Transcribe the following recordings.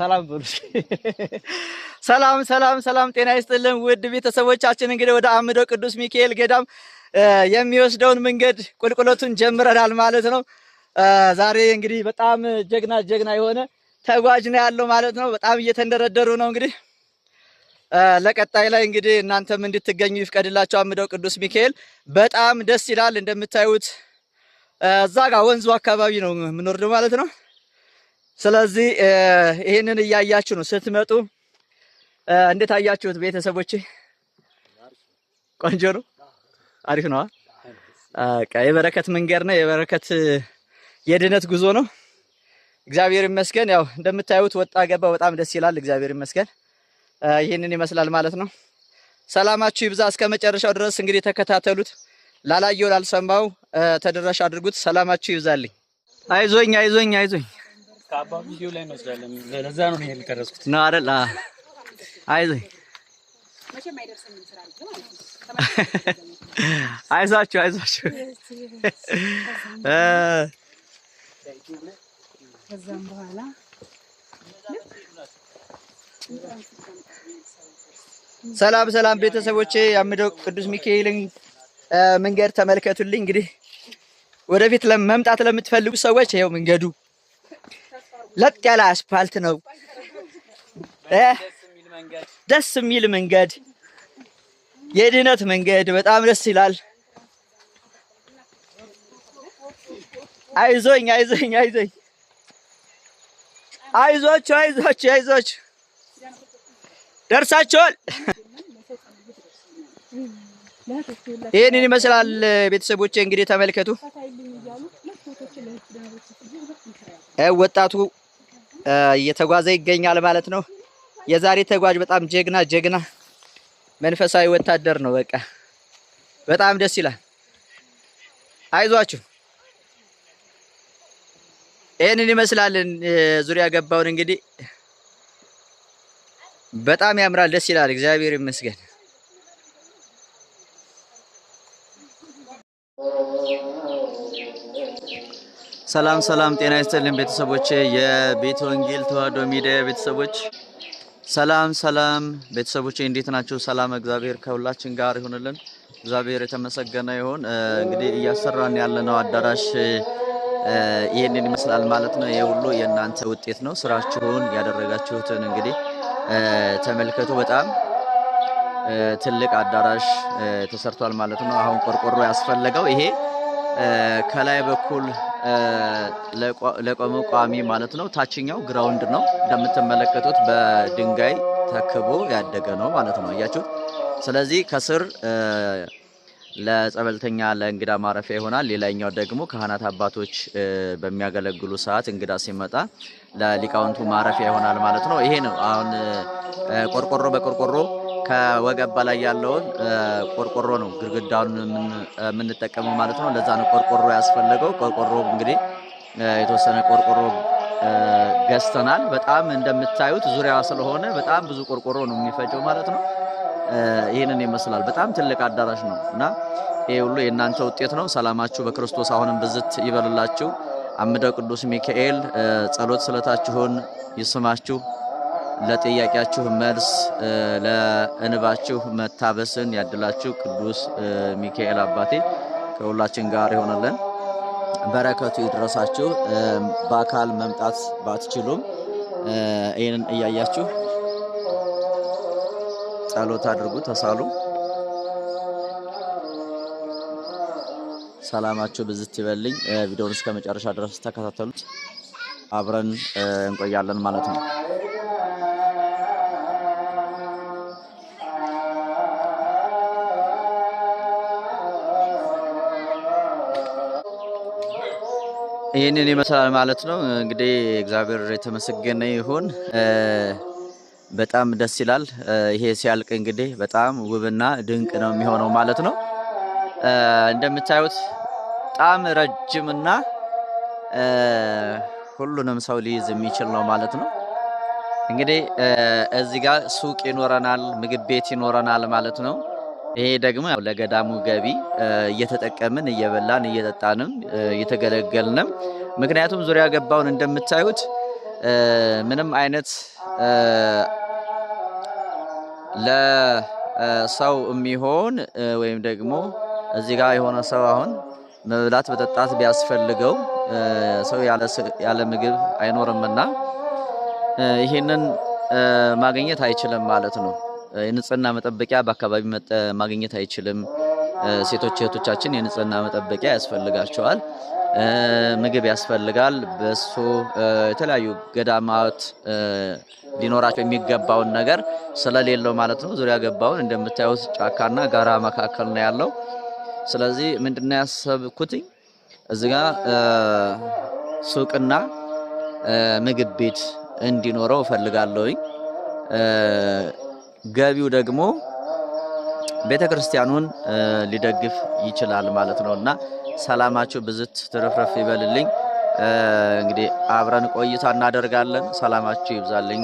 ሰላም በሉ። ሰላም ሰላም ሰላም፣ ጤና ይስጥልን ውድ ቤተሰቦቻችን። እንግዲህ ወደ አምደው ቅዱስ ሚካኤል ገዳም የሚወስደውን መንገድ ቁልቁለቱን ጀምረናል ማለት ነው። ዛሬ እንግዲህ በጣም ጀግና ጀግና የሆነ ተጓዥ ነው ያለው ማለት ነው። በጣም እየተንደረደሩ ነው እንግዲህ ለቀጣይ ላይ እንግዲህ እናንተም እንድትገኙ ይፍቀድላቸው አምደው ቅዱስ ሚካኤል። በጣም ደስ ይላል። እንደምታዩት እዛ ጋር ወንዙ አካባቢ ነው የምንወርደው ማለት ነው። ስለዚህ ይህንን እያያችሁ ነው ስትመጡ። እንዴት አያችሁት ቤተሰቦች? ቆንጆ ነው፣ አሪፍ ነው። የበረከት መንገድ ነው፣ የበረከት የድነት ጉዞ ነው። እግዚአብሔር ይመስገን። ያው እንደምታዩት ወጣ ገባ በጣም ደስ ይላል። እግዚአብሔር ይመስገን። ይህንን ይመስላል ማለት ነው። ሰላማችሁ ይብዛ። እስከ መጨረሻው ድረስ እንግዲህ ተከታተሉት። ላላየው ላልሰማው ተደራሽ አድርጉት። ሰላማችሁ ይብዛልኝ። አይዞኝ አይዞኝ አይዞኝ ከአባ ቪዲዮ ላይ ለዛ ነው ይሄን ቀረጽኩት ነው አይደል? አይዞህ አይዟችሁ አይዟችሁ። ከዛም በኋላ ሰላም ሰላም ቤተሰቦቼ ያምደው ቅዱስ ሚካኤልን መንገድ ተመልከቱልኝ። እንግዲህ ወደፊት መምጣት ለምትፈልጉ ሰዎች ይኸው መንገዱ ለጥ ያለ አስፋልት ነው። ደስ የሚል መንገድ፣ የድህነት መንገድ በጣም ደስ ይላል። አይዞኝ አይዞኝ አይዞኝ አይዟችሁ አይዞች አይዞች ደርሳችኋል። ይህንን ይመስላል ቤተሰቦቼ እንግዲህ ተመልከቱ። ወጣቱ እየተጓዘ ይገኛል ማለት ነው። የዛሬ ተጓዥ በጣም ጀግና ጀግና መንፈሳዊ ወታደር ነው። በቃ በጣም ደስ ይላል። አይዟችሁ። ይህንን ይመስላልን ዙሪያ ገባውን እንግዲህ በጣም ያምራል፣ ደስ ይላል። እግዚአብሔር ይመስገን። ሰላም ሰላም፣ ጤና ይስጥልኝ ቤተሰቦቼ፣ የቤተ ወንጌል ተዋህዶ ሚዲያ ቤተሰቦች፣ ሰላም ሰላም ቤተሰቦቼ፣ እንዴት ናቸው? ሰላም እግዚአብሔር ከሁላችን ጋር ይሁንልን። እግዚአብሔር የተመሰገነ ይሁን። እንግዲህ እያሰራን ያለነው አዳራሽ ይህንን ይመስላል ማለት ነው። ይህ ሁሉ የእናንተ ውጤት ነው። ስራችሁን ያደረጋችሁትን እንግዲህ ተመልከቱ። በጣም ትልቅ አዳራሽ ተሰርቷል ማለት ነው። አሁን ቆርቆሮ ያስፈለገው ይሄ ከላይ በኩል ለቆመ ቋሚ ማለት ነው። ታችኛው ግራውንድ ነው እንደምትመለከቱት በድንጋይ ተክቦ ያደገ ነው ማለት ነው እያችሁት። ስለዚህ ከስር ለጸበልተኛ ለእንግዳ ማረፊያ ይሆናል። ሌላኛው ደግሞ ካህናት አባቶች በሚያገለግሉ ሰዓት እንግዳ ሲመጣ ለሊቃውንቱ ማረፊያ ይሆናል ማለት ነው። ይሄ ነው አሁን ቆርቆሮ በቆርቆሮ ከወገብ በላይ ያለውን ቆርቆሮ ነው ግድግዳውን የምንጠቀመው ማለት ነው። ለዛ ነው ቆርቆሮ ያስፈለገው። ቆርቆሮ እንግዲህ የተወሰነ ቆርቆሮ ገዝተናል። በጣም እንደምታዩት ዙሪያ ስለሆነ በጣም ብዙ ቆርቆሮ ነው የሚፈጀው ማለት ነው። ይህንን ይመስላል። በጣም ትልቅ አዳራሽ ነው እና ይህ ሁሉ የእናንተ ውጤት ነው። ሰላማችሁ በክርስቶስ አሁንም ብዝት ይበልላችሁ። አምደው ቅዱስ ሚካኤል ጸሎት ስለታችሁን ይስማችሁ። ለጥያቄያችሁ መልስ ለእንባችሁ መታበስን ያድላችሁ። ቅዱስ ሚካኤል አባቴ ከሁላችን ጋር ይሆነልን፣ በረከቱ ይድረሳችሁ። በአካል መምጣት ባትችሉም ይህንን እያያችሁ ጸሎት አድርጉ፣ ተሳሉ። ሰላማችሁ ብዝት ይበልኝ። ቪዲዮውን እስከ መጨረሻ ድረስ ተከታተሉት። አብረን እንቆያለን ማለት ነው። ይህንን ይመስላል ማለት ነው። እንግዲህ እግዚአብሔር የተመሰገነ ይሁን። በጣም ደስ ይላል። ይሄ ሲያልቅ እንግዲህ በጣም ውብና ድንቅ ነው የሚሆነው ማለት ነው። እንደምታዩት በጣም ረጅምና ሁሉንም ሰው ሊይዝ የሚችል ነው ማለት ነው። እንግዲህ እዚህ ጋር ሱቅ ይኖረናል፣ ምግብ ቤት ይኖረናል ማለት ነው። ይሄ ደግሞ ለገዳሙ ገቢ እየተጠቀምን እየበላን እየጠጣንም እየተገለገልንም። ምክንያቱም ዙሪያ ገባውን እንደምታዩት ምንም አይነት ለሰው የሚሆን ወይም ደግሞ እዚህ ጋር የሆነ ሰው አሁን መብላት በጠጣት ቢያስፈልገው ሰው ያለ ምግብ አይኖርምና ይህንን ማግኘት አይችልም ማለት ነው። የንጽህና መጠበቂያ በአካባቢ ማግኘት አይችልም። ሴቶች እህቶቻችን የንጽህና መጠበቂያ ያስፈልጋቸዋል። ምግብ ያስፈልጋል። በሱ የተለያዩ ገዳማት ሊኖራቸው የሚገባውን ነገር ስለሌለው ማለት ነው። ዙሪያ ገባውን እንደምታዩት ጫካና ጋራ መካከል ነው ያለው። ስለዚህ ምንድነው ያሰብኩትኝ እዚጋ ሱቅና ምግብ ቤት እንዲኖረው እፈልጋለሁኝ። ገቢው ደግሞ ቤተ ክርስቲያኑን ሊደግፍ ይችላል ማለት ነው። እና ሰላማችሁ ብዝት ትርፍረፍ ይበልልኝ። እንግዲህ አብረን ቆይታ እናደርጋለን። ሰላማችሁ ይብዛልኝ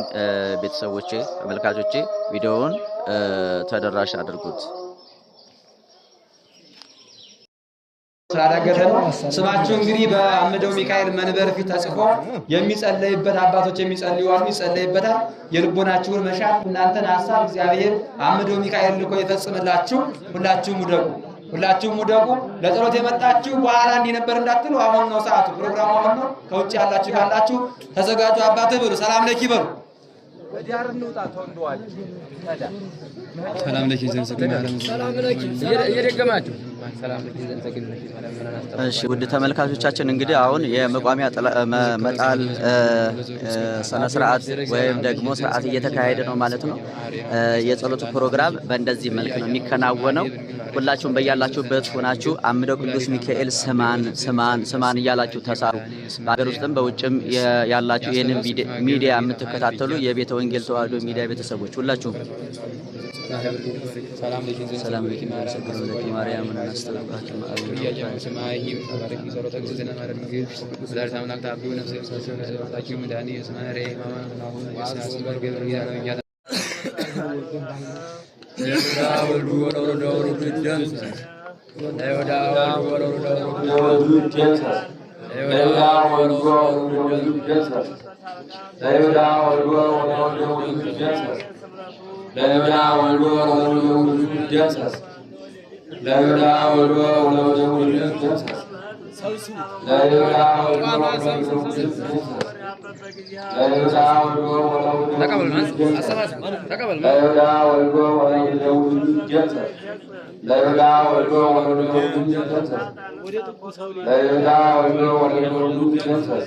ቤተሰቦቼ፣ ተመልካቾቼ። ቪዲዮውን ተደራሽ አድርጉት። ነው። ስማችሁ እንግዲህ በአምደው ሚካኤል መንበር ፊት ተጽፎ የሚጸለይበት አባቶች የሚጸልዩ አሉ፣ ይጸለይበታል። የልቦናችሁን መሻት እናንተን ሀሳብ እግዚአብሔር አምደው ሚካኤል ልኮ ይፈጽምላችሁ። ሁላችሁም ውደቁ፣ ሁላችሁም ውደቁ። ለጸሎት የመጣችሁ በኋላ እንዲህ ነበር እንዳትሉ፣ አሁን ነው ሰዓቱ፣ ፕሮግራሙ አሁን ነው። ከውጭ ያላችሁ ካላችሁ ተዘጋጁ። አባት በሉ፣ ሰላም ለኪ በሉ ሰላም ለኪ ዘንስ ሰላም ለኪ እየደገማችሁ እሺ ውድ ተመልካቾቻችን እንግዲህ አሁን የመቋሚያ መጣል ስነ ስርዓት ወይም ደግሞ ስርዓት እየተካሄደ ነው ማለት ነው። የጸሎቱ ፕሮግራም በእንደዚህ መልክ ነው የሚከናወነው። ሁላችሁም በያላችሁበት ሆናችሁ አምደው ቅዱስ ሚካኤል ስማን ስማን ስማን እያላችሁ ተሳሩ። በሀገር ውስጥም በውጭም ያላችሁ ይህንን ሚዲያ የምትከታተሉ የቤተ ወንጌል ተዋህዶ ሚዲያ ቤተሰቦች ሁላችሁም ሰላም ለኪ መሰክረ ለኪ ማርያም እናስተላልቃቸው ማርያም ለይሁዳ ወልዶ ወለወደው ልጅ ደምሰስ ለይሁዳ ወልዶ ወለወደው ልጅ ደምሰስ ለይሁዳ ወልዶ ወለወደው ልጅ ደምሰስ ለይሁዳ ወልዶ ወለወደው ልጅ ደምሰስ ለይሁዳ ወልዶ ወለወደው ልጅ ደምሰስ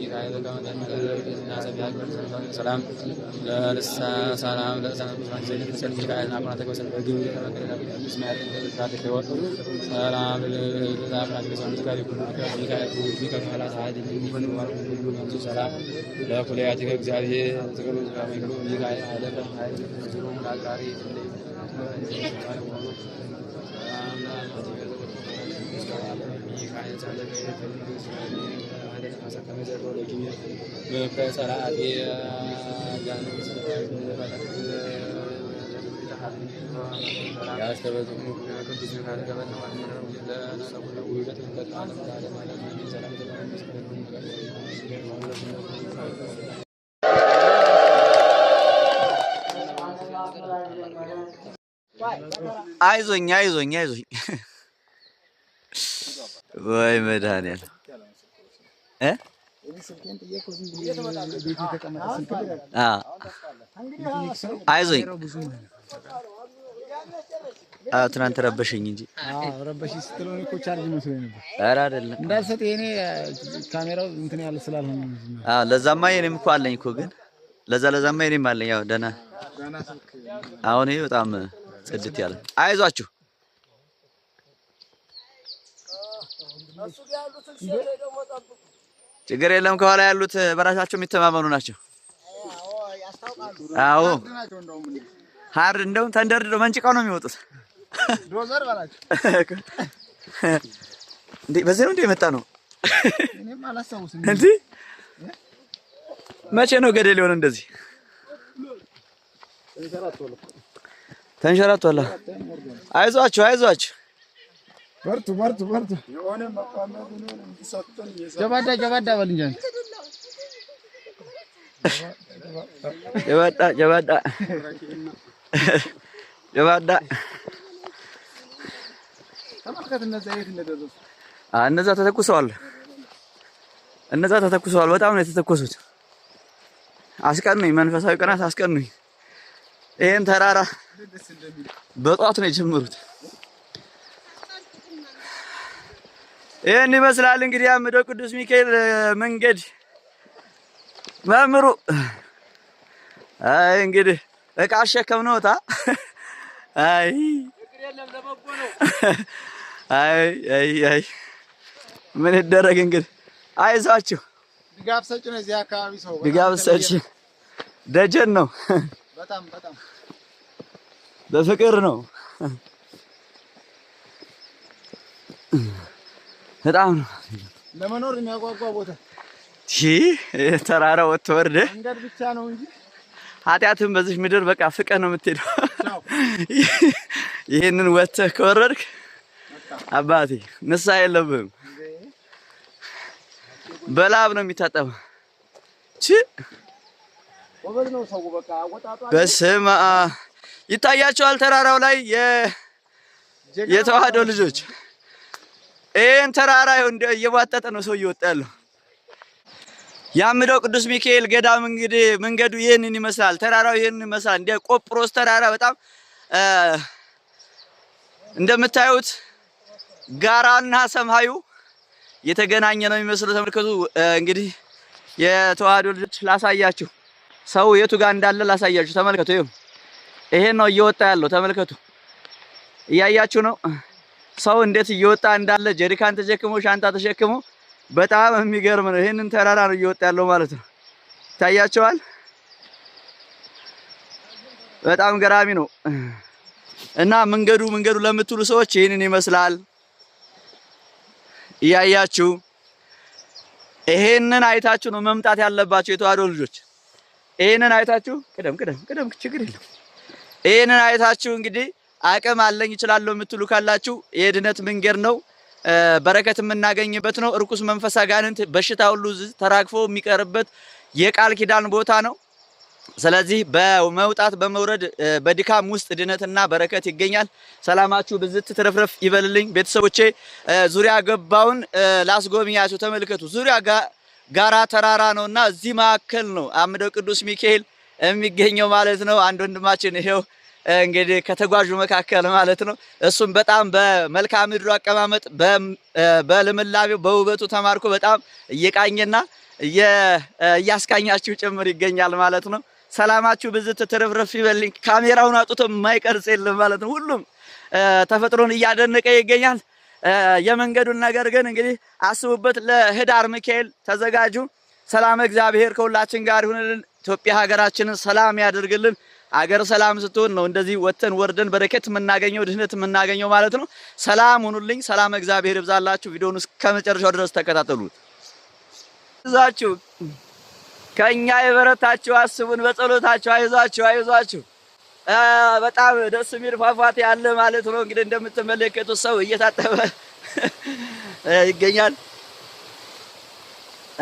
ሚካኤል ሰላም ለልሳ ሰላም ሚካኤል ሰላም ለኩልያቲከ እግዚአብሔር ሚካኤል አለቀ ጋሪ ሰላም ከመሰከመ ዘሮ ለጅነት በከሰራት የጋነ አይዞኝ አይዞኝ አይዞኝ ወይ መድኃኒዓለም Eh? Ah. አይዞኝ ትናንት ረበሸኝ እንጂ ረበሸኝ ስትለው እኮ ቻርጅ መስሎኝ ነበር። ኧረ አይደለም እንዳልሰጥ የኔ ካሜራው እንትን ያለ ስላልሆነ ለዛማ የኔም እኮ አለኝ እኮ ግን ለዛ ለዛማ የኔም አለኝ። ያው ደህና አሁን ይሄ በጣም ጽድት ያለ አይዟችሁ። እሱ ያሉትን ሲሄድ ጠብቁ ችግር የለም። ከኋላ ያሉት በራሳቸው የሚተማመኑ ናቸው። አዎ ሀርድ እንደውም ተንደርድረው መንጭቃው ነው የሚወጡት። ዶዘር በላቸው። በዚህ ነው እንደ የመጣ ነው እንዲ መቼ ነው ገደል የሆነ እንደዚህ ተንሸራቷላ። አይዟችሁ አይዟችሁ። በርቱ በርቱ በርቱ። የሆነ መቋሚያ ቢሆን እንዲሰጠን ጀባዳ ጀባዳ በል እንጂ ጀባዳ ጀባዳ ጀባዳ። ተመልከት፣ እነዚያ የት እንደደረሱ። እነዚያ ተተኩሰዋል፣ እነዚያ ተተኩሰዋል። በጣም ነው የተተኮሱት። አስቀኑኝ፣ መንፈሳዊ ቀናት አስቀኑኝ። ይህን ተራራ በጧት ነው የጀመሩት። ይህን ይመስላል እንግዲህ አምደው ቅዱስ ሚካኤል መንገድ መምሩ አይ እንግዲህ እቃ አሸከም ነውታ። ታ አይ አይ አይ ምን ይደረግ እንግዲህ አይዟችሁ። ድጋፍ ሰጭ ነው እዚህ አካባቢ ሰው ድጋፍ ሰጪ ደጀን ነው። በጣም በጣም በፍቅር ነው። በጣም ነው ለመኖር የሚያጓጓ ቦታ። ተራራ ወጥቶ ወርደ መንገድ ብቻ ነው እንጂ ኃጢአትም በዚህ ምድር በቃ ፍቀህ ነው የምትሄደው። ይህንን ወጥተህ ከወረድክ አባቴ ንስሐ የለብህም። በላብ ነው የሚታጠበው። ቺ በስመ አብ ይታያቸዋል። ተራራው ላይ የተዋህዶ ልጆች ይህን ተራራ እየቧጠጠ ነው ሰው እየወጣ ያለው። የአምደው ቅዱስ ሚካኤል ገዳም እንግዲህ መንገዱ ይህንን ይመስላል። ተራራው ይህንን ይመስላል። እንደ ቆጵሮስ ተራራ በጣም እንደምታዩት ጋራና ሰማዩ የተገናኘ ነው የሚመስለው። ተመልከቱ እንግዲህ የተዋህዶ ልጆች ላሳያችሁ፣ ሰው የቱ ጋር እንዳለ ላሳያችሁ። ተመልከቱ፣ ይሄን ነው እየወጣ ያለው። ተመልከቱ፣ እያያችሁ ነው። ሰው እንዴት እየወጣ እንዳለ ጀሪካን ተሸክሞ ሻንጣ ተሸክሞ በጣም የሚገርም ነው። ይህንን ተራራ ነው እየወጣ ያለው ማለት ነው። ይታያቸዋል። በጣም ገራሚ ነው እና መንገዱ መንገዱ ለምትሉ ሰዎች ይህንን ይመስላል። እያያችሁ ይሄንን አይታችሁ ነው መምጣት ያለባችሁ የተዋህዶ ልጆች። ይሄንን አይታችሁ ቅደም ቅደም ቅደም ችግር የለም። ይሄንን አይታችሁ እንግዲህ አቅም አለኝ እችላለሁ የምትሉ ካላችሁ የድነት መንገድ ነው። በረከት የምናገኝበት ነው። እርኩስ መንፈስ አጋንንት፣ በሽታ ሁሉ ተራግፎ የሚቀርበት የቃል ኪዳን ቦታ ነው። ስለዚህ በመውጣት በመውረድ በድካም ውስጥ ድነትና በረከት ይገኛል። ሰላማችሁ ብዝት ትረፍረፍ ይበልልኝ። ቤተሰቦቼ ዙሪያ ገባውን ላስጎብኛችሁ። ተመልከቱ። ዙሪያ ጋራ ተራራ ነውና እዚህ መካከል ነው አምደው ቅዱስ ሚካኤል የሚገኘው ማለት ነው። አንድ ወንድማችን ይሄው እንግዲህ ከተጓዡ መካከል ማለት ነው። እሱም በጣም በመልክዓ ምድሩ አቀማመጥ፣ በልምላቤው፣ በውበቱ ተማርኮ በጣም እየቃኘና እያስቃኛችሁ ጭምር ይገኛል ማለት ነው። ሰላማችሁ ብዝት ትርፍርፍ ይበልኝ። ካሜራውን አውጥቶ የማይቀርጽ የለም ማለት ነው። ሁሉም ተፈጥሮን እያደነቀ ይገኛል። የመንገዱን ነገር ግን እንግዲህ አስቡበት። ለህዳር ሚካኤል ተዘጋጁ። ሰላም እግዚአብሔር ከሁላችን ጋር ይሁንልን። ኢትዮጵያ ሀገራችንን ሰላም ያደርግልን። አገር ሰላም ስትሆን ነው እንደዚህ ወተን ወርደን በረከት የምናገኘው ድህነት የምናገኘው ማለት ነው። ሰላም ሁኑልኝ። ሰላም እግዚአብሔር ይብዛላችሁ። ቪዲዮውን እስከ መጨረሻው ድረስ ተከታተሉት። አይዟችሁ፣ ከኛ የበረታችሁ አስቡን በጸሎታችሁ። አይዟችሁ፣ አይዟችሁ። በጣም ደስ የሚል ፏፏቴ ያለ ማለት ነው። እንግዲህ እንደምትመለከቱት ሰው እየታጠበ ይገኛል።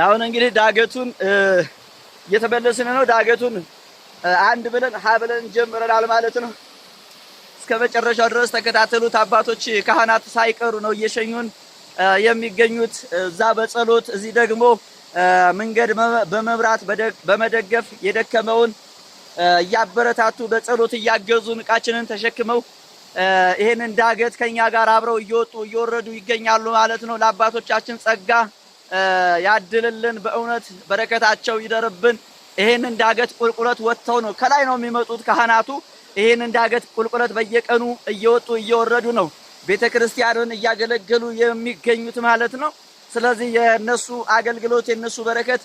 አሁን እንግዲህ ዳገቱን እየተመለስን ነው ዳገቱን አንድ ብለን ሀ ብለን ጀምረናል ማለት ነው። እስከ መጨረሻው ድረስ ተከታተሉት። አባቶች ካህናት ሳይቀሩ ነው እየሸኙን የሚገኙት እዛ በጸሎት እዚህ ደግሞ መንገድ በመብራት በመደገፍ የደከመውን እያበረታቱ በጸሎት እያገዙን እቃችንን ተሸክመው ይህንን ዳገት ከኛ ጋር አብረው እየወጡ እየወረዱ ይገኛሉ ማለት ነው። ለአባቶቻችን ጸጋ ያድልልን፣ በእውነት በረከታቸው ይደርብን። ይህንን ዳገት ቁልቁለት ወጥተው ነው ከላይ ነው የሚመጡት ካህናቱ። ይህን ዳገት ቁልቁለት በየቀኑ እየወጡ እየወረዱ ነው ቤተ ክርስቲያንን እያገለገሉ የሚገኙት ማለት ነው። ስለዚህ የነሱ አገልግሎት የነሱ በረከት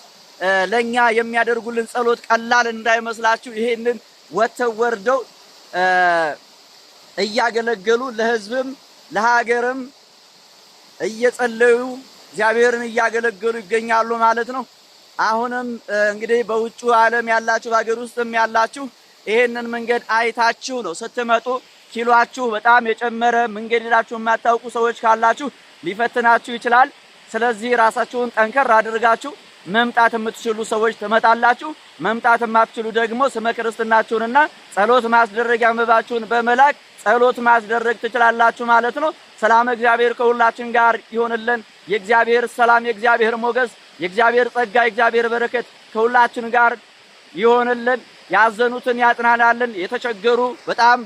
ለኛ የሚያደርጉልን ጸሎት ቀላል እንዳይመስላችሁ። ይህንን ወጥተው ወርደው እያገለገሉ ለሕዝብም ለሀገርም እየጸለዩ እግዚአብሔርን እያገለገሉ ይገኛሉ ማለት ነው። አሁንም እንግዲህ በውጩ ዓለም ያላችሁ በሀገር ውስጥም ያላችሁ ይሄንን መንገድ አይታችሁ ነው ስትመጡ ኪሏችሁ በጣም የጨመረ መንገድ ሄዳችሁ የማታውቁ ሰዎች ካላችሁ ሊፈትናችሁ ይችላል። ስለዚህ ራሳችሁን ጠንከር አድርጋችሁ መምጣት የምትችሉ ሰዎች ትመጣላችሁ። መምጣት የማትችሉ ደግሞ ስመ ክርስትናችሁንና ጸሎት ማስደረግ ያመባችሁን በመላክ ጸሎት ማስደረግ ትችላላችሁ ማለት ነው። ሰላም እግዚአብሔር ከሁላችን ጋር ይሆንልን። የእግዚአብሔር ሰላም የእግዚአብሔር ሞገስ የእግዚአብሔር ጸጋ የእግዚአብሔር በረከት ከሁላችን ጋር ይሆንልን። ያዘኑትን ያጥናናልን የተቸገሩ በጣም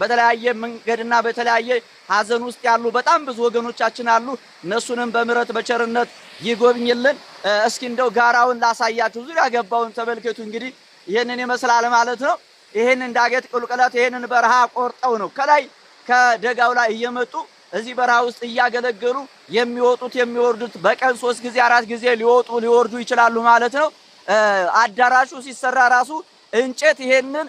በተለያየ መንገድና በተለያየ ሀዘን ውስጥ ያሉ በጣም ብዙ ወገኖቻችን አሉ። እነሱንም በምረት በቸርነት ይጎብኝልን። እስኪ እንደው ጋራውን ላሳያችሁ፣ ዙሪያ ገባውን ተመልከቱ። እንግዲህ ይህንን ይመስላል ማለት ነው። ይህን ዳገት ቁልቁለት፣ ይህንን በረሃ ቆርጠው ነው ከላይ ከደጋው ላይ እየመጡ እዚህ በረሃ ውስጥ እያገለገሉ የሚወጡት የሚወርዱት በቀን ሶስት ጊዜ አራት ጊዜ ሊወጡ ሊወርዱ ይችላሉ ማለት ነው። አዳራሹ ሲሰራ ራሱ እንጨት ይሄንን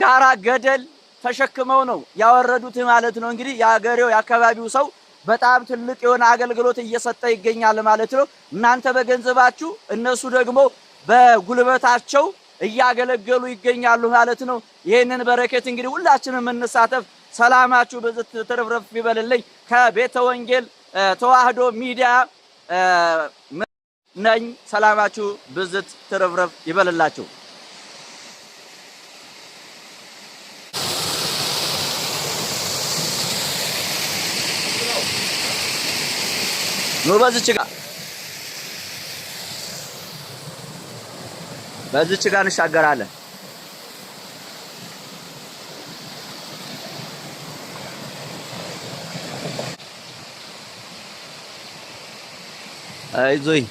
ጋራ ገደል ተሸክመው ነው ያወረዱት ማለት ነው። እንግዲህ የአገሬው የአካባቢው ሰው በጣም ትልቅ የሆነ አገልግሎት እየሰጠ ይገኛል ማለት ነው። እናንተ በገንዘባችሁ እነሱ ደግሞ በጉልበታቸው እያገለገሉ ይገኛሉ ማለት ነው። ይህንን በረከት እንግዲህ ሁላችንም እንሳተፍ። ሰላማችሁ በዝት ትርፍርፍ ይበልልኝ። ከቤተ ወንጌል ተዋህዶ ሚዲያ ነኝ። ሰላማችሁ ብዝት ትርፍርፍ ይበልላችሁ። ኑ በዚች ጋር በዚች ጋር እንሻገራለን። አይዞኝ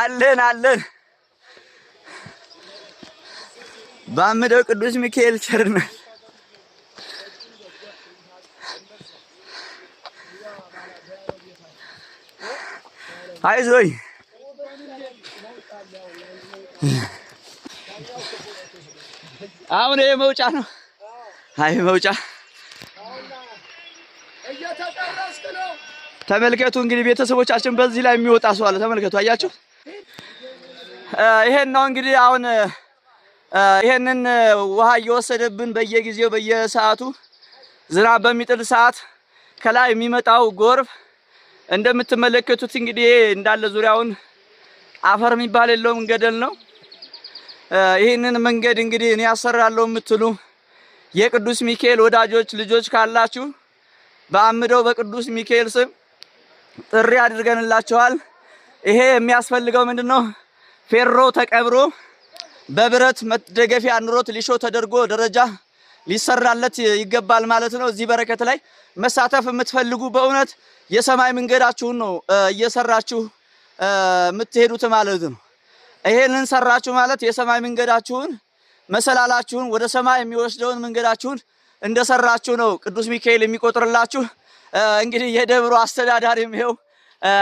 አለን አለን ባምደው ቅዱስ ሚካኤል ቸርነት አይዞኝ አሁን የመውጫ ነው። አይ መውጫ ተመልከቱ እንግዲህ ቤተሰቦቻችን በዚህ ላይ የሚወጣ ሰው አለ። ተመልከቱ አያችሁ። ይሄን ነው እንግዲህ አሁን ይሄንን ውሃ እየወሰደብን በየጊዜው በየሰዓቱ ዝናብ በሚጥል ሰዓት ከላይ የሚመጣው ጎርፍ እንደምትመለከቱት እንግዲህ እንዳለ ዙሪያውን አፈር የሚባል የለውም ገደል ነው። ይህንን መንገድ እንግዲህ እኔ ያሰራለሁ የምትሉ የቅዱስ ሚካኤል ወዳጆች ልጆች ካላችሁ በአምደው በቅዱስ ሚካኤል ስም ጥሪ አድርገንላችኋል። ይሄ የሚያስፈልገው ምንድን ነው? ፌሮ ተቀብሮ በብረት መደገፊያ ኑሮት ሊሾ ተደርጎ ደረጃ ሊሰራለት ይገባል ማለት ነው። እዚህ በረከት ላይ መሳተፍ የምትፈልጉ በእውነት የሰማይ መንገዳችሁን ነው እየሰራችሁ የምትሄዱት ማለት ነው። ይሄንን ሰራችሁ ማለት የሰማይ መንገዳችሁን መሰላላችሁን ወደ ሰማይ የሚወስደውን መንገዳችሁን እንደሰራችሁ ነው ቅዱስ ሚካኤል የሚቆጥርላችሁ። እንግዲህ የደብሩ አስተዳዳሪ ይኸው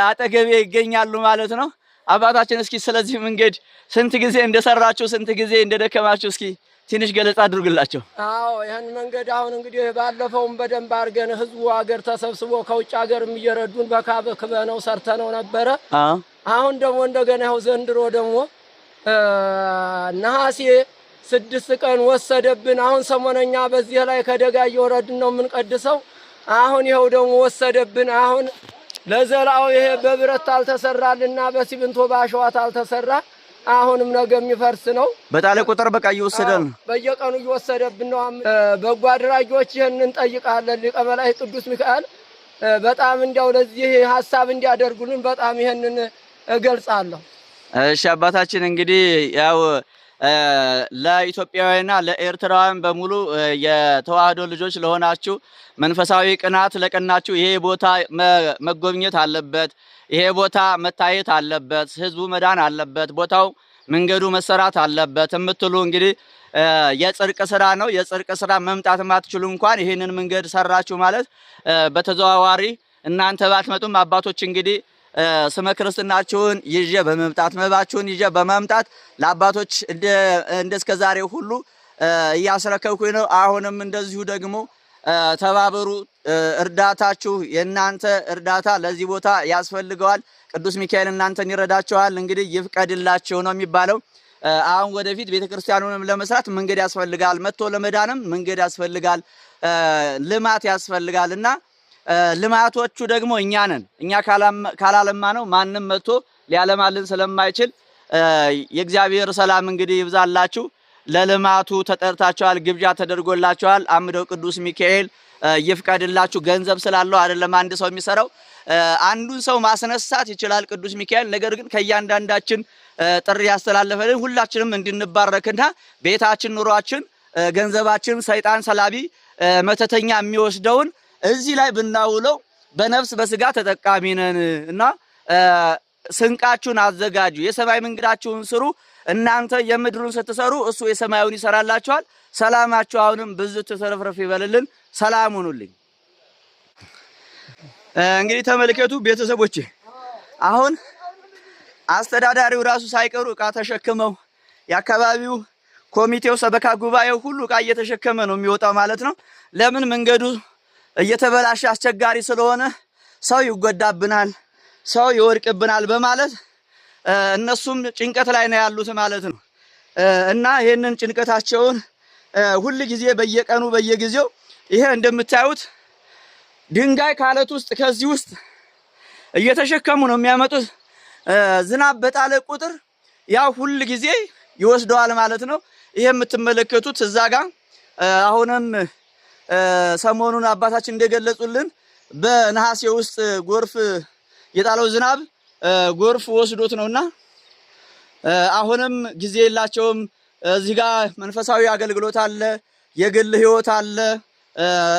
አጠገቤ ይገኛሉ ማለት ነው። አባታችን እስኪ ስለዚህ መንገድ ስንት ጊዜ እንደሰራችሁ ስንት ጊዜ እንደደከማችሁ እስኪ ትንሽ ገለጻ አድርግላቸው። አዎ ይህን መንገድ አሁን እንግዲህ ባለፈውም በደንብ አድርገን ህዝቡ ሀገር ተሰብስቦ ከውጭ ሀገርም እየረዱን በካብ ክበነው ሰርተነው ነበረ። አሁን ደግሞ እንደገና ይኸው ዘንድሮ ደግሞ ነሐሴ ስድስት ቀን ወሰደብን። አሁን ሰሞነኛ በዚህ ላይ ከደጋ እየወረድን ነው የምንቀድሰው። አሁን ይኸው ደግሞ ወሰደብን። አሁን ለዘላው ይሄ በብረት አልተሰራልና በሲሚንቶ ባሸዋት አልተሰራ አሁንም ነገ የሚፈርስ ነው። በጣለ ቁጥር በቃ እየወሰደ ነው፣ በየቀኑ እየወሰደብን ነው። በጎ አድራጊዎች ይህን እንጠይቃለን። ሊቀ መላእክት ቅዱስ ሚካኤል በጣም እንዲያው ለዚህ ሀሳብ እንዲያደርጉልን በጣም ይህንን እገልጻለሁ። እሺ አባታችን እንግዲህ ያው ለኢትዮጵያውያንና ለኤርትራውያን በሙሉ የተዋህዶ ልጆች ለሆናችሁ መንፈሳዊ ቅናት ለቀናችሁ ይሄ ቦታ መጎብኘት አለበት፣ ይሄ ቦታ መታየት አለበት፣ ህዝቡ መዳን አለበት፣ ቦታው መንገዱ መሰራት አለበት የምትሉ እንግዲህ የጽድቅ ስራ ነው። የጽድቅ ስራ መምጣት ማትችሉ እንኳን ይህንን መንገድ ሰራችሁ ማለት በተዘዋዋሪ እናንተ ባትመጡም አባቶች እንግዲህ ስመ ክርስትናችሁን ይዤ በመምጣት መባችሁን ይዤ በመምጣት ለአባቶች እንደ እስከ ዛሬ ሁሉ እያስረከብኩኝ ነው። አሁንም እንደዚሁ ደግሞ ተባበሩ። እርዳታችሁ የእናንተ እርዳታ ለዚህ ቦታ ያስፈልገዋል። ቅዱስ ሚካኤል እናንተን ይረዳችኋል። እንግዲህ ይፍቀድላችሁ ነው የሚባለው። አሁን ወደፊት ቤተክርስቲያኑንም ለመስራት መንገድ ያስፈልጋል። መጥቶ ለመዳንም መንገድ ያስፈልጋል። ልማት ያስፈልጋል እና ልማቶቹ ደግሞ እኛ ነን። እኛ ካላለማ ነው ማንም መጥቶ ሊያለማልን ስለማይችል የእግዚአብሔር ሰላም እንግዲህ ይብዛላችሁ። ለልማቱ ተጠርታችኋል፣ ግብዣ ተደርጎላችኋል። አምደው ቅዱስ ሚካኤል ይፍቀድላችሁ። ገንዘብ ስላለው አይደለም አንድ ሰው የሚሰራው፣ አንዱን ሰው ማስነሳት ይችላል ቅዱስ ሚካኤል። ነገር ግን ከእያንዳንዳችን ጥሪ ያስተላለፈልን ሁላችንም እንድንባረክና ቤታችን ኑሯችን ገንዘባችን ሰይጣን ሰላቢ መተተኛ የሚወስደውን እዚህ ላይ ብናውለው በነፍስ በስጋ ተጠቃሚ ነን እና ስንቃችሁን አዘጋጁ፣ የሰማይ መንገዳችሁን ስሩ። እናንተ የምድሩን ስትሰሩ እሱ የሰማዩን ይሰራላችኋል። ሰላማችሁ አሁንም ብዙ ተረፍረፍ ይበልልን። ሰላም ሁኑልኝ። እንግዲህ ተመልከቱ ቤተሰቦቼ፣ አሁን አስተዳዳሪው ራሱ ሳይቀሩ እቃ ተሸክመው የአካባቢው ኮሚቴው፣ ሰበካ ጉባኤው ሁሉ እቃ እየተሸከመ ነው የሚወጣው ማለት ነው። ለምን መንገዱ እየተበላሸ አስቸጋሪ ስለሆነ ሰው ይጎዳብናል፣ ሰው ይወድቅብናል በማለት እነሱም ጭንቀት ላይ ነው ያሉት ማለት ነው። እና ይህንን ጭንቀታቸውን ሁል ጊዜ በየቀኑ በየጊዜው ይሄ እንደምታዩት ድንጋይ ካለት ውስጥ ከዚህ ውስጥ እየተሸከሙ ነው የሚያመጡት። ዝናብ በጣለ ቁጥር ያው ሁል ጊዜ ይወስደዋል ማለት ነው። ይሄ የምትመለከቱት እዛ ጋር አሁንም ሰሞኑን አባታችን እንደገለጹልን በነሐሴ ውስጥ ጎርፍ የጣለው ዝናብ ጎርፍ ወስዶት ነውና አሁንም ጊዜ የላቸውም። እዚህ ጋር መንፈሳዊ አገልግሎት አለ፣ የግል ህይወት አለ፣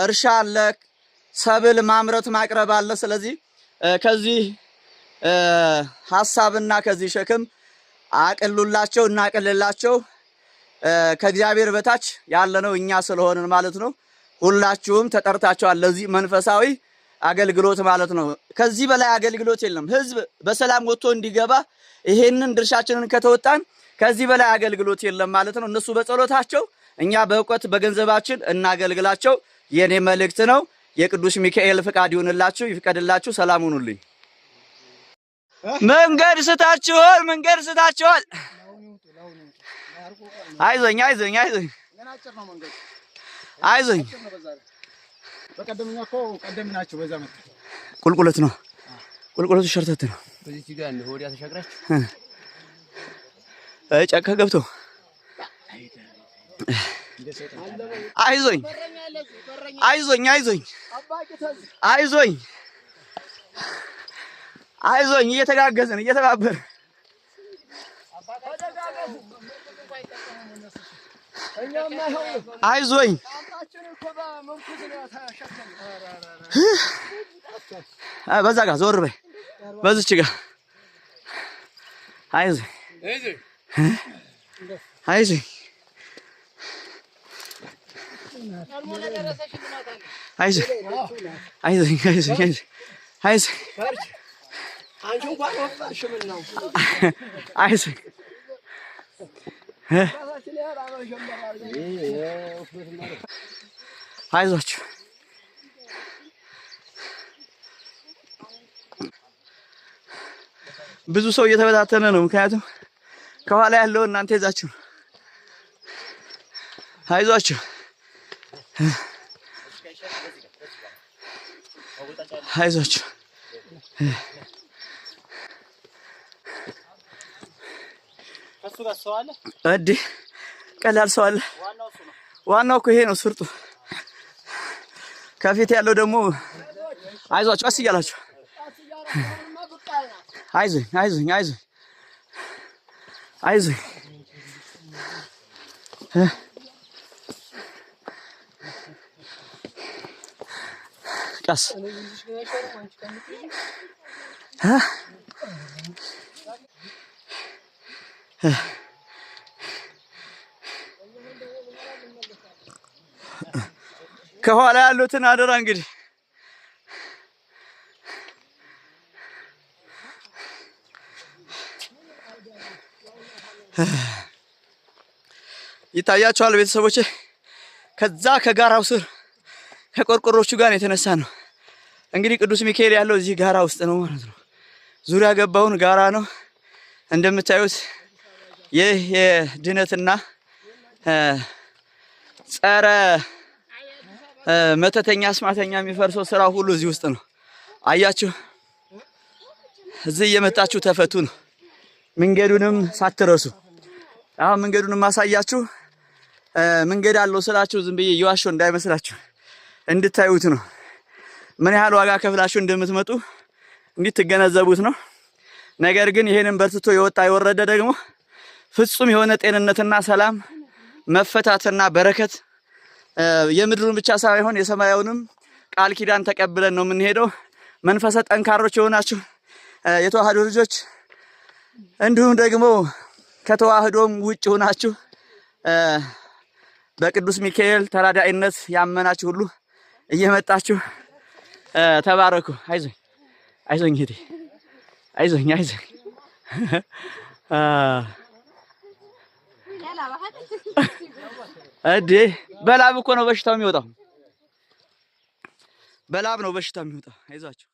እርሻ አለ፣ ሰብል ማምረት ማቅረብ አለ። ስለዚህ ከዚህ ሀሳብና ከዚህ ሸክም አቅሉላቸው እናቅልላቸው። ከእግዚአብሔር በታች ያለነው እኛ ስለሆንን ማለት ነው። ሁላችሁም ተጠርታችኋል ለዚህ መንፈሳዊ አገልግሎት ማለት ነው። ከዚህ በላይ አገልግሎት የለም። ህዝብ በሰላም ወጥቶ እንዲገባ ይሄንን ድርሻችንን ከተወጣን ከዚህ በላይ አገልግሎት የለም ማለት ነው። እነሱ በጸሎታቸው፣ እኛ በእውቀት በገንዘባችን እናገልግላቸው። የኔ መልእክት ነው። የቅዱስ ሚካኤል ፍቃድ ይሁንላችሁ፣ ይፍቀድላችሁ። ሰላም ሁኑልኝ። መንገድ ስታችኋል፣ መንገድ ስታችኋል። አይዞኝ አይዞኝ አይዞኝ አይዞኝ። በቀደምኛ እኮ ቀደም ናቸው። በዛ ቁልቁለት ነው ቁልቁለቱ ሸርተት ነው። በዚህ ወዲያ ተሻግራችሁ ጫካ ገብቶ አይዞኝ አይዞኝ አይዞኝ አይዞኝ አይዞኝ እየተጋገዝን እየተባበርን አይዞኝ በዛ ጋር ዞር በይ፣ በዚች ጋር አይዞኝ አይዞኝ አይዞኝ አይዞኝ አይዞኝ አይዞኝ አይዟችሁ። ብዙ ሰው እየተበታተነ ነው። ምክንያቱም ከኋላ ያለው እናንተ ይዛችሁ ነው። አይዟችሁ፣ አይዟችሁ ቀላል ሰው አለ። ዋናው እኮ ይሄ ነው ስርጡ። ከፊት ያለው ደግሞ አይዟችሁ፣ ቀስ እያላችሁ አይዞኝ፣ አይዞኝ፣ አይዞኝ፣ አይዞኝ። ቀስ እ ከኋላ ያሉትን አደራ እንግዲህ ይታያቸዋል ቤተሰቦች። ከዛ ከጋራው ስር ከቆርቆሮቹ ጋር የተነሳ ነው እንግዲህ ቅዱስ ሚካኤል ያለው እዚህ ጋራ ውስጥ ነው ማለት ነው። ዙሪያ ገባውን ጋራ ነው እንደምታዩት። ይህ የድነትና ጸረ መተተኛ አስማተኛ የሚፈርሰው ስራ ሁሉ እዚህ ውስጥ ነው። አያችሁ፣ እዚህ እየመጣችሁ ተፈቱ ነው። መንገዱንም ሳትረሱ አሁን መንገዱንም ማሳያችሁ መንገድ አለው ስላችሁ ዝም ብዬ እየዋሸሁ እንዳይመስላችሁ እንድታዩት ነው። ምን ያህል ዋጋ ከፍላችሁ እንደምትመጡ እንድትገነዘቡት ነው። ነገር ግን ይሄንን በርትቶ የወጣ የወረደ ደግሞ ፍጹም የሆነ ጤንነትና ሰላም መፈታትና በረከት የምድሩን ብቻ ሳይሆን የሰማያውንም ቃል ኪዳን ተቀብለን ነው የምንሄደው። መንፈሰ ጠንካሮች የሆናችሁ የተዋህዶ ልጆች እንዲሁም ደግሞ ከተዋህዶም ውጭ ሆናችሁ በቅዱስ ሚካኤል ተራዳይነት ያመናችሁ ሁሉ እየመጣችሁ ተባረኩ። አይዞኝ አይዞኝ ሄዴ አይዞኝ አይዞኝ እዴ በላብ እኮ ነው በሽታው የሚወጣው። በላብ ነው በሽታው የሚወጣው። አይዟቸው።